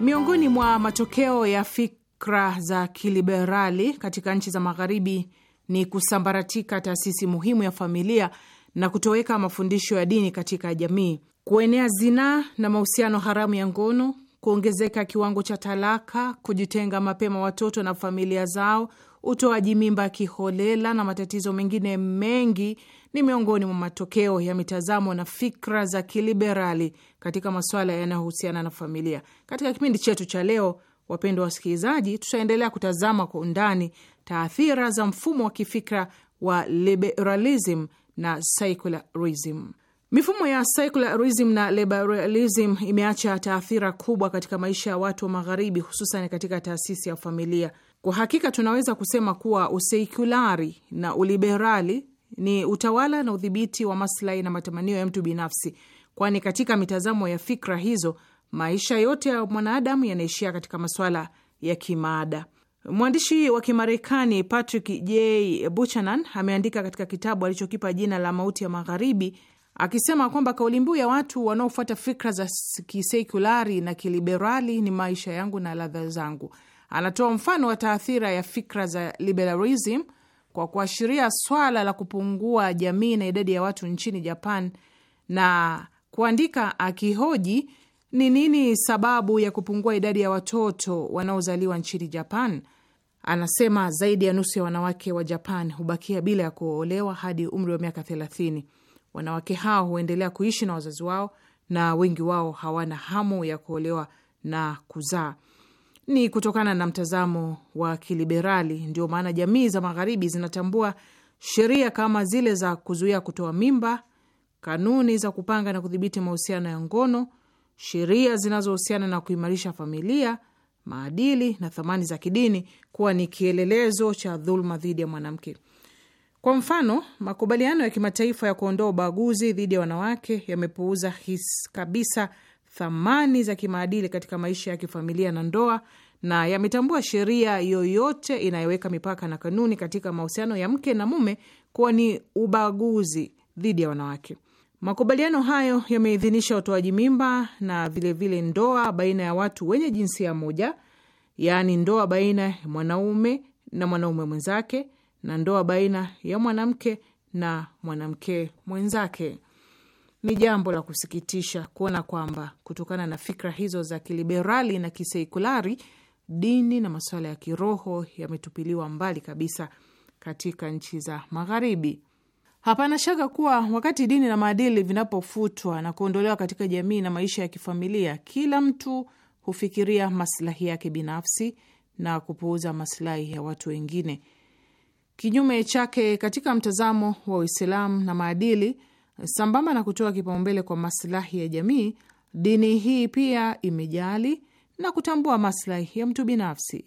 Miongoni mwa matokeo ya fik fikra za kiliberali katika nchi za magharibi ni kusambaratika taasisi muhimu ya familia na kutoweka mafundisho ya dini katika jamii, kuenea zinaa na mahusiano haramu ya ngono, kuongezeka kiwango cha talaka, kujitenga mapema watoto na familia zao, utoaji mimba kiholela na matatizo mengine mengi ni miongoni mwa matokeo ya mitazamo na fikra za kiliberali katika masuala yanayohusiana na familia. Katika kipindi chetu cha leo Wapendwa wasikilizaji, tutaendelea kutazama kwa undani taathira za mfumo wa kifikra wa liberalism na secularism. Mifumo ya secularism na liberalism imeacha taathira kubwa katika maisha ya watu wa Magharibi, hususan katika taasisi ya familia. Kwa hakika tunaweza kusema kuwa usekulari na uliberali ni utawala na udhibiti wa maslahi na matamanio ya mtu binafsi, kwani katika mitazamo ya fikra hizo maisha yote ya mwanadamu yanaishia katika masuala ya kimaada. Mwandishi wa Kimarekani Patrick J Buchanan ameandika katika kitabu alichokipa jina la Mauti ya Magharibi akisema kwamba kauli mbiu ya watu wanaofuata fikra za kisekulari na kiliberali ni maisha yangu na ladha zangu. Anatoa mfano wa taathira ya fikra za liberalism kwa kuashiria swala la kupungua jamii na idadi ya watu nchini Japan na kuandika akihoji ni nini sababu ya kupungua idadi ya watoto wanaozaliwa nchini Japan? Anasema zaidi ya nusu ya wanawake wa Japan hubakia bila ya kuolewa hadi umri wa miaka thelathini. Wanawake hao huendelea kuishi na wazazi wao na wengi wao hawana hamu ya kuolewa na kuzaa. Ni kutokana na mtazamo wa kiliberali, ndio maana jamii za Magharibi zinatambua sheria kama zile za kuzuia kutoa mimba, kanuni za kupanga na kudhibiti mahusiano ya ngono sheria zinazohusiana na kuimarisha familia, maadili na thamani za kidini kuwa ni kielelezo cha dhuluma dhidi ya mwanamke. Kwa mfano, makubaliano ya kimataifa ya kuondoa ubaguzi dhidi ya wanawake yamepuuza kabisa thamani za kimaadili katika maisha ya kifamilia na ndoa, na yametambua sheria yoyote inayoweka mipaka na kanuni katika mahusiano ya mke na mume kuwa ni ubaguzi dhidi ya wanawake. Makubaliano hayo yameidhinisha utoaji mimba na vilevile vile ndoa baina ya watu wenye jinsia moja, yaani ndoa baina ya mwanaume na mwanaume mwenzake na ndoa baina ya mwanamke na mwanamke mwenzake. Ni jambo la kusikitisha kuona kwamba kutokana na fikra hizo za kiliberali na kisekulari dini na masuala ya kiroho yametupiliwa mbali kabisa katika nchi za Magharibi. Hapana shaka kuwa wakati dini na maadili vinapofutwa na kuondolewa katika jamii na maisha ya kifamilia, kila mtu hufikiria maslahi yake binafsi na kupuuza maslahi ya watu wengine. Kinyume chake, katika mtazamo wa Uislamu na maadili, sambamba na kutoa kipaumbele kwa maslahi ya jamii, dini hii pia imejali na kutambua maslahi ya mtu binafsi.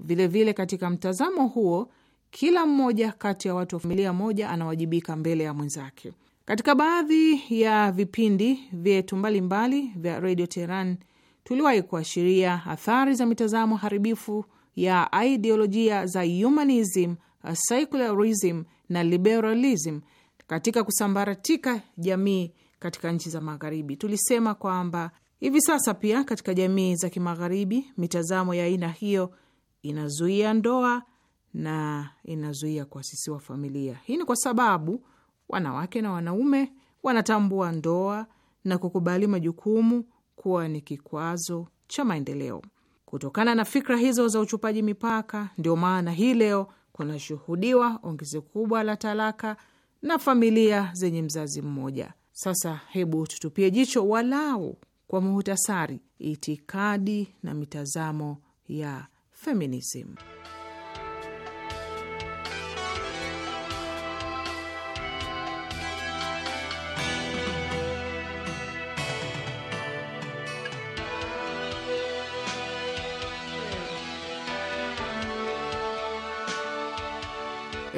Vilevile, katika mtazamo huo kila mmoja kati ya watu wa familia moja anawajibika mbele ya mwenzake. Katika baadhi ya vipindi vyetu mbalimbali vya redio Teheran tuliwahi kuashiria athari za mitazamo haribifu ya ideolojia za humanism, secularism na liberalism katika kusambaratika jamii katika nchi za Magharibi. Tulisema kwamba hivi sasa pia katika jamii za Kimagharibi mitazamo ya aina hiyo inazuia ndoa na inazuia kuasisiwa familia. Hii ni kwa sababu wanawake na wanaume wanatambua ndoa na kukubali majukumu kuwa ni kikwazo cha maendeleo. Kutokana na fikra hizo za uchupaji mipaka, ndio maana hii leo kunashuhudiwa ongezeko kubwa la talaka na familia zenye mzazi mmoja. Sasa hebu tutupie jicho walau kwa muhtasari itikadi na mitazamo ya feminism.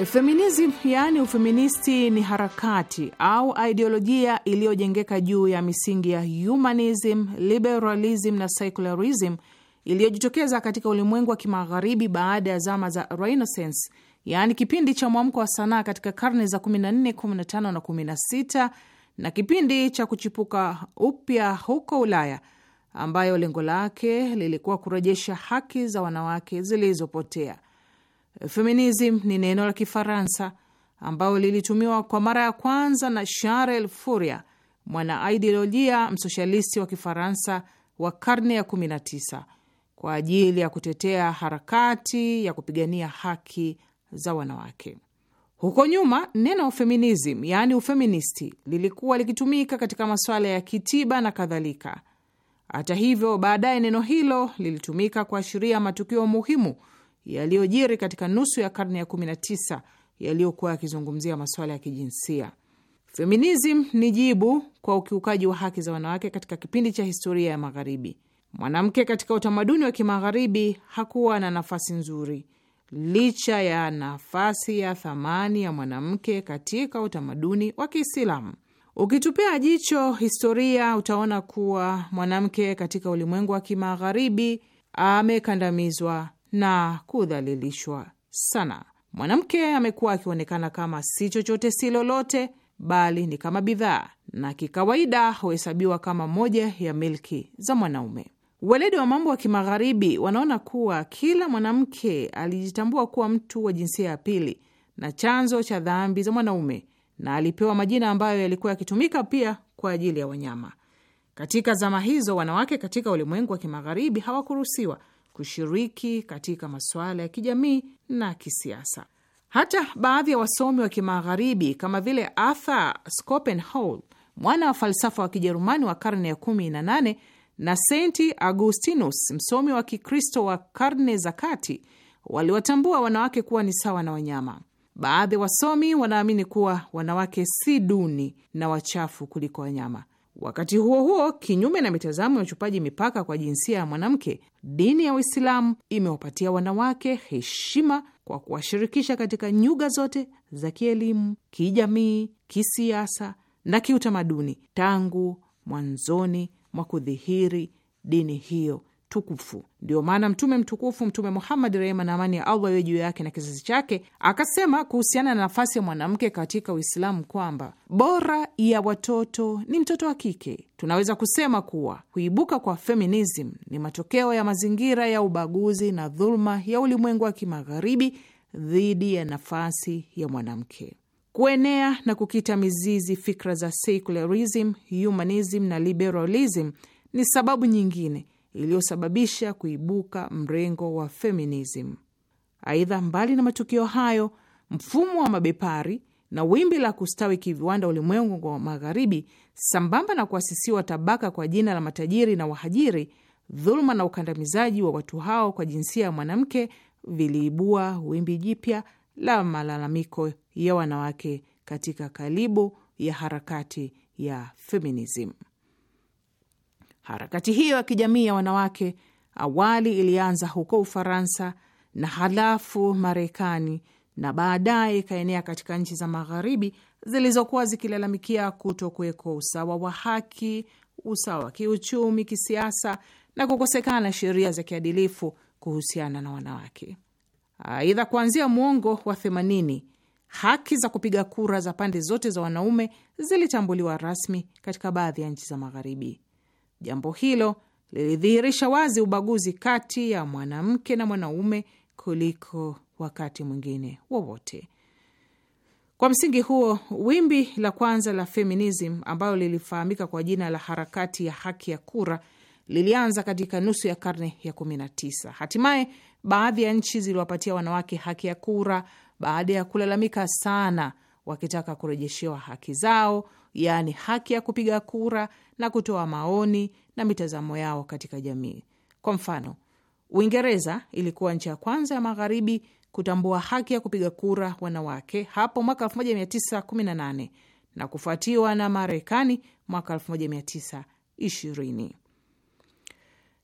Eh, feminism yaani ufeministi ni harakati au ideolojia iliyojengeka juu ya misingi ya humanism, liberalism na secularism iliyojitokeza katika ulimwengu wa kimagharibi baada ya zama za Renaissance, yaani kipindi cha mwamko wa sanaa katika karne za 14, 15 na 16 na kipindi cha kuchipuka upya huko Ulaya, ambayo lengo lake lilikuwa kurejesha haki za wanawake zilizopotea. Feminism ni neno la Kifaransa ambalo lilitumiwa kwa mara ya kwanza na Sharel Furia, idiolojia msoshalisti wa Kifaransa wa karne ya 19 kwa ajili ya kutetea harakati ya kupigania haki za wanawake. Huko nyuma neno feminism, yaani ufeministi, lilikuwa likitumika katika masuala ya kitiba na kadhalika. Hata hivyo, baadaye neno hilo lilitumika kuashiria matukio muhimu yaliyojiri katika nusu ya karne ya 19 yaliyokuwa yakizungumzia masuala ya kijinsia. Feminism ni jibu kwa ukiukaji wa haki za wanawake katika kipindi cha historia ya Magharibi. Mwanamke katika utamaduni wa kimagharibi hakuwa na nafasi nzuri, licha ya nafasi ya thamani ya mwanamke katika utamaduni wa Kiislamu. Ukitupia jicho historia, utaona kuwa mwanamke katika ulimwengu wa kimagharibi amekandamizwa na kudhalilishwa sana. Mwanamke amekuwa akionekana kama si chochote si lolote, bali ni kama bidhaa, na kikawaida huhesabiwa kama moja ya milki za mwanaume. Weledi wa mambo wa kimagharibi wanaona kuwa kila mwanamke alijitambua kuwa mtu wa jinsia ya pili na chanzo cha dhambi za mwanaume, na alipewa majina ambayo yalikuwa yakitumika pia kwa ajili ya wanyama. Katika zama hizo, wanawake katika ulimwengu wa kimagharibi hawakuruhusiwa kushiriki katika masuala ya kijamii na kisiasa. Hata baadhi ya wasomi wa kimagharibi kama vile Arthur Schopenhauer, mwana wa falsafa wa Kijerumani wa karne ya 18 na st Augustinus, msomi wa Kikristo wa karne za kati, waliwatambua wanawake kuwa ni sawa na wanyama. Baadhi ya wasomi wanaamini kuwa wanawake si duni na wachafu kuliko wanyama. Wakati huo huo, kinyume na mitazamo ya uchupaji mipaka kwa jinsia ya mwanamke, dini ya Uislamu imewapatia wanawake heshima kwa kuwashirikisha katika nyuga zote za kielimu, kijamii, kisiasa na kiutamaduni tangu mwanzoni mwa kudhihiri dini hiyo tukufu. Ndiyo maana Mtume mtukufu Mtume Muhammad, rehema na amani ya Allah iwe juu yake na kizazi chake, akasema kuhusiana na nafasi ya mwanamke katika Uislamu kwamba bora ya watoto ni mtoto wa kike. Tunaweza kusema kuwa kuibuka kwa feminism ni matokeo ya mazingira ya ubaguzi na dhuluma ya ulimwengu wa kimagharibi dhidi ya nafasi ya mwanamke. Kuenea na kukita mizizi fikra za secularism, humanism na liberalism ni sababu nyingine iliyosababisha kuibuka mrengo wa feminism. Aidha, mbali na matukio hayo, mfumo wa mabepari na wimbi la kustawi kiviwanda ulimwengu wa Magharibi, sambamba na kuasisiwa tabaka kwa jina la matajiri na wahajiri, dhuluma na ukandamizaji wa watu hao kwa jinsia ya mwanamke viliibua wimbi jipya la malalamiko ya wanawake katika kalibu ya harakati ya feminism. Harakati hiyo ya kijamii ya wanawake awali ilianza huko Ufaransa na halafu Marekani na baadaye ikaenea katika nchi za Magharibi zilizokuwa zikilalamikia kuto kuweko usawa wa haki, usawa wa kiuchumi, kisiasa na kukosekana sheria za kiadilifu kuhusiana na wanawake. Aidha, kuanzia mwongo wa themanini haki za kupiga kura za pande zote za wanaume zilitambuliwa rasmi katika baadhi ya nchi za Magharibi. Jambo hilo lilidhihirisha wazi ubaguzi kati ya mwanamke na mwanaume kuliko wakati mwingine wowote. Kwa msingi huo, wimbi la kwanza la feminism ambalo lilifahamika kwa jina la harakati ya haki ya kura lilianza katika nusu ya karne ya 19. Hatimaye baadhi ya nchi ziliwapatia wanawake haki ya kura baada ya kulalamika sana wakitaka kurejeshewa haki zao, yaani haki ya kupiga kura na kutoa maoni na mitazamo yao katika jamii. Kwa mfano, Uingereza ilikuwa nchi ya kwanza ya magharibi kutambua haki ya kupiga kura wanawake hapo mwaka 1918 na kufuatiwa na Marekani mwaka 1920.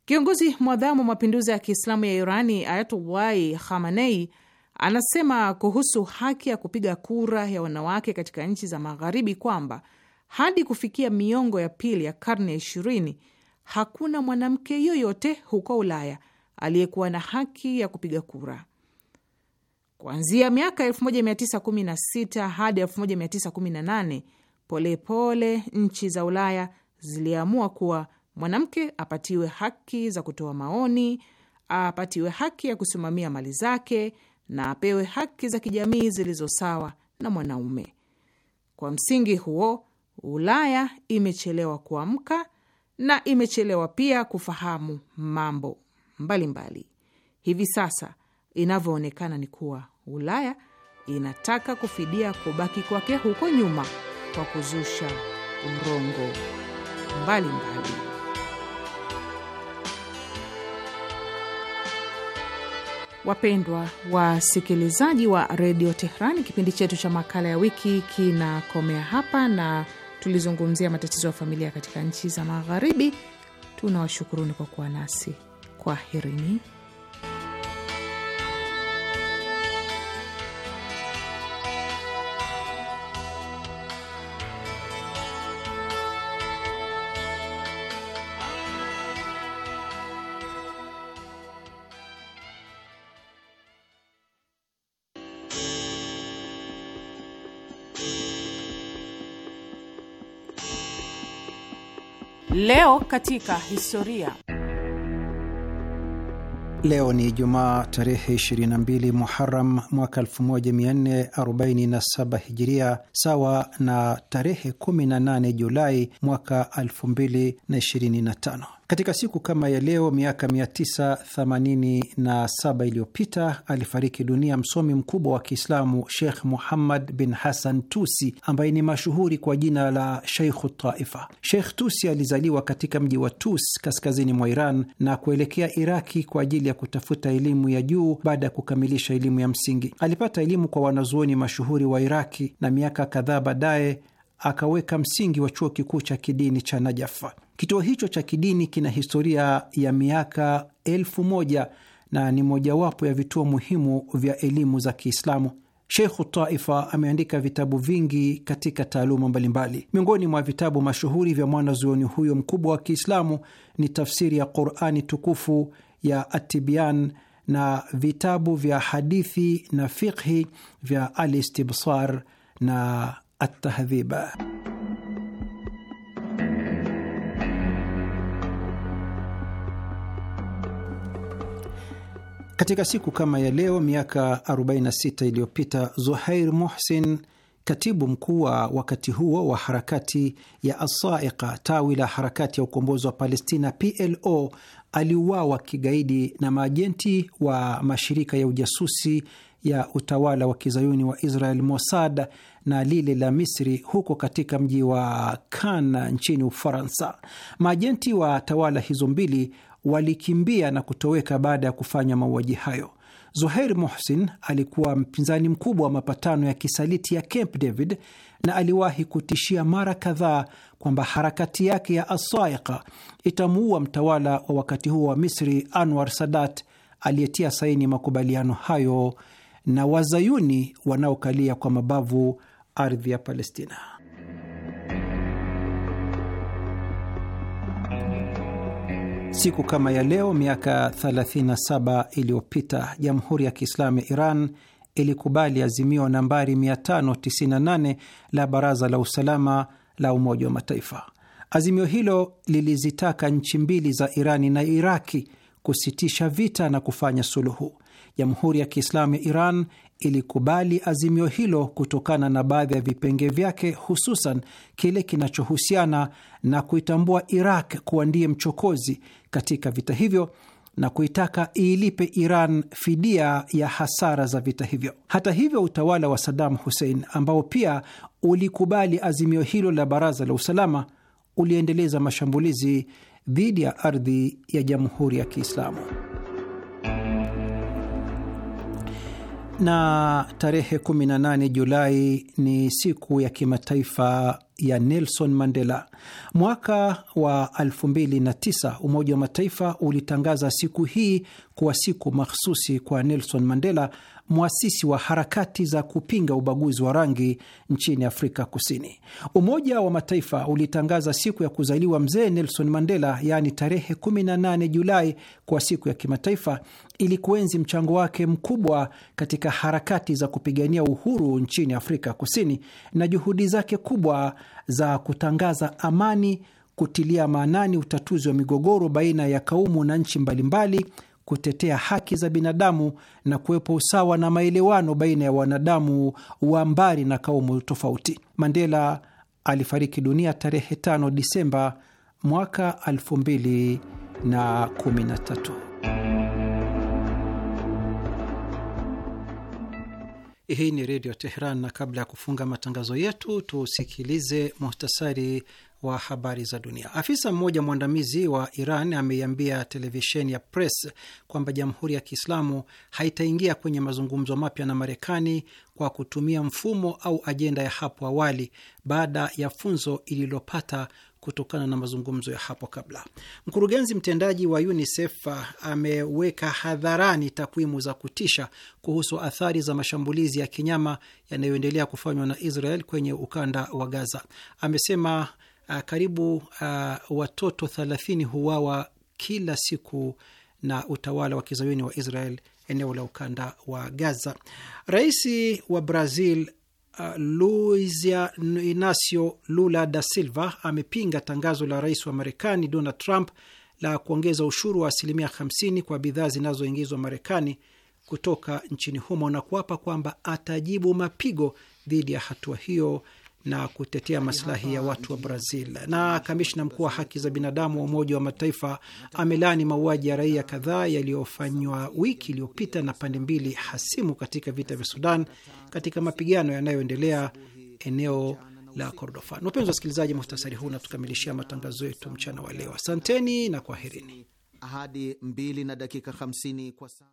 Kiongozi mwadhamu wa mapinduzi ya Kiislamu ya Irani Ayatullahi Khamenei Anasema kuhusu haki ya kupiga kura ya wanawake katika nchi za Magharibi kwamba hadi kufikia miongo ya pili ya karne ya ishirini hakuna mwanamke yoyote huko Ulaya aliyekuwa na haki ya kupiga kura. Kuanzia miaka 1916 hadi 1918, polepole nchi za Ulaya ziliamua kuwa mwanamke apatiwe haki za kutoa maoni, apatiwe haki ya kusimamia mali zake, na apewe haki za kijamii zilizo sawa na mwanaume. Kwa msingi huo, Ulaya imechelewa kuamka na imechelewa pia kufahamu mambo mbalimbali mbali. Hivi sasa inavyoonekana ni kuwa Ulaya inataka kufidia kubaki kwake huko nyuma kwa kuzusha urongo mbalimbali mbali. Wapendwa wasikilizaji wa redio Tehrani, kipindi chetu cha makala ya wiki kinakomea hapa, na tulizungumzia matatizo ya familia katika nchi za Magharibi. Tunawashukuruni kwa kuwa nasi, kwaherini. Leo katika historia. Leo ni Jumaa tarehe 22 Muharam mwaka 1447 Hijiria, sawa na tarehe 18 Julai mwaka 2025. Katika siku kama ya leo miaka 987 iliyopita alifariki dunia msomi mkubwa wa Kiislamu Sheikh Muhammad bin Hassan Tusi ambaye ni mashuhuri kwa jina la Sheikhu Taifa. Sheikh Tusi alizaliwa katika mji wa Tus kaskazini mwa Iran na kuelekea Iraki kwa ajili ya kutafuta elimu ya juu baada ya kukamilisha elimu ya msingi. Alipata elimu kwa wanazuoni mashuhuri wa Iraki na miaka kadhaa baadaye akaweka msingi wa chuo kikuu cha kidini cha Najafa. Kituo hicho cha kidini kina historia ya miaka elfu moja na ni mojawapo ya vituo muhimu vya elimu za Kiislamu. Sheikhu Taifa ameandika vitabu vingi katika taaluma mbalimbali. Miongoni mwa vitabu mashuhuri vya mwanazuoni huyo mkubwa wa Kiislamu ni tafsiri ya Qurani tukufu ya Atibian na vitabu vya hadithi na fiqhi vya Alistibsar na Atahdhiba. Katika siku kama ya leo miaka 46 iliyopita Zuhair Muhsin, katibu mkuu wa wakati huo wa harakati ya Asaiqa, tawi la harakati ya ukombozi wa Palestina PLO, aliuawa kigaidi na maajenti wa mashirika ya ujasusi ya utawala wa kizayuni wa Israel Mossad na lile la Misri huko katika mji wa Kan nchini Ufaransa. Maajenti wa tawala hizo mbili walikimbia na kutoweka baada ya kufanya mauaji hayo. Zuhair mohsin alikuwa mpinzani mkubwa wa mapatano ya kisaliti ya Camp David na aliwahi kutishia mara kadhaa kwamba harakati yake ya Asaiqa itamuua mtawala wa wakati huo wa Misri Anwar Sadat aliyetia saini makubaliano hayo na wazayuni wanaokalia kwa mabavu ardhi ya Palestina. siku kama ya leo miaka 37 iliyopita Jamhuri ya Kiislamu ya Iran ilikubali azimio nambari 598 la Baraza la Usalama la Umoja wa Mataifa. Azimio hilo lilizitaka nchi mbili za Irani na Iraki kusitisha vita na kufanya suluhu. Jamhuri ya Kiislamu ya Iran ilikubali azimio hilo kutokana na baadhi ya vipenge vyake, hususan kile kinachohusiana na kuitambua Iraq kuwa ndiye mchokozi katika vita hivyo na kuitaka iilipe Iran fidia ya hasara za vita hivyo. Hata hivyo, utawala wa Saddam Hussein ambao pia ulikubali azimio hilo la Baraza la Usalama uliendeleza mashambulizi dhidi ya ardhi ya Jamhuri ya Kiislamu. na tarehe 18 Julai ni siku ya kimataifa ya Nelson Mandela. Mwaka wa 2009 Umoja wa Mataifa ulitangaza siku hii kuwa siku mahsusi kwa Nelson Mandela, mwasisi wa harakati za kupinga ubaguzi wa rangi nchini Afrika Kusini. Umoja wa Mataifa ulitangaza siku ya kuzaliwa mzee Nelson Mandela, yaani tarehe 18 Julai, kwa siku ya kimataifa ili kuenzi mchango wake mkubwa katika harakati za kupigania uhuru nchini Afrika Kusini na juhudi zake kubwa za kutangaza amani, kutilia maanani utatuzi wa migogoro baina ya kaumu na nchi mbalimbali, kutetea haki za binadamu na kuwepo usawa na maelewano baina ya wanadamu wa mbari na kaumu tofauti. Mandela alifariki dunia tarehe 5 Disemba mwaka 2013. Hii ni Redio Teheran, na kabla ya kufunga matangazo yetu tusikilize muhtasari wa habari za dunia. Afisa mmoja mwandamizi wa Iran ameiambia televisheni ya Press kwamba Jamhuri ya Kiislamu haitaingia kwenye mazungumzo mapya na Marekani kwa kutumia mfumo au ajenda ya hapo awali baada ya funzo ililopata kutokana na mazungumzo ya hapo kabla. Mkurugenzi mtendaji wa UNICEF ameweka hadharani takwimu za kutisha kuhusu athari za mashambulizi ya kinyama yanayoendelea kufanywa na Israel kwenye ukanda wa Gaza. Amesema uh, karibu uh, watoto 30 huwawa kila siku na utawala wa kizayuni wa Israel eneo la ukanda wa Gaza. Rais wa Brazil uh, Inacio Lula da Silva amepinga tangazo la rais wa Marekani Donald Trump la kuongeza ushuru wa asilimia 50 kwa bidhaa zinazoingizwa Marekani kutoka nchini humo na kuapa kwamba atajibu mapigo dhidi ya hatua hiyo na kutetea maslahi ya watu wa Brazil. Na kamishna mkuu wa haki za binadamu wa Umoja wa Mataifa amelaani mauaji ya raia kadhaa yaliyofanywa wiki iliyopita na pande mbili hasimu katika vita vya Sudan katika mapigano yanayoendelea eneo la Kordofan. Wapenzi wasikilizaji, muhtasari huu natukamilishia matangazo yetu mchana wa leo. Asanteni na kwaherini. Ahadi mbili na dakika hamsini kwa saa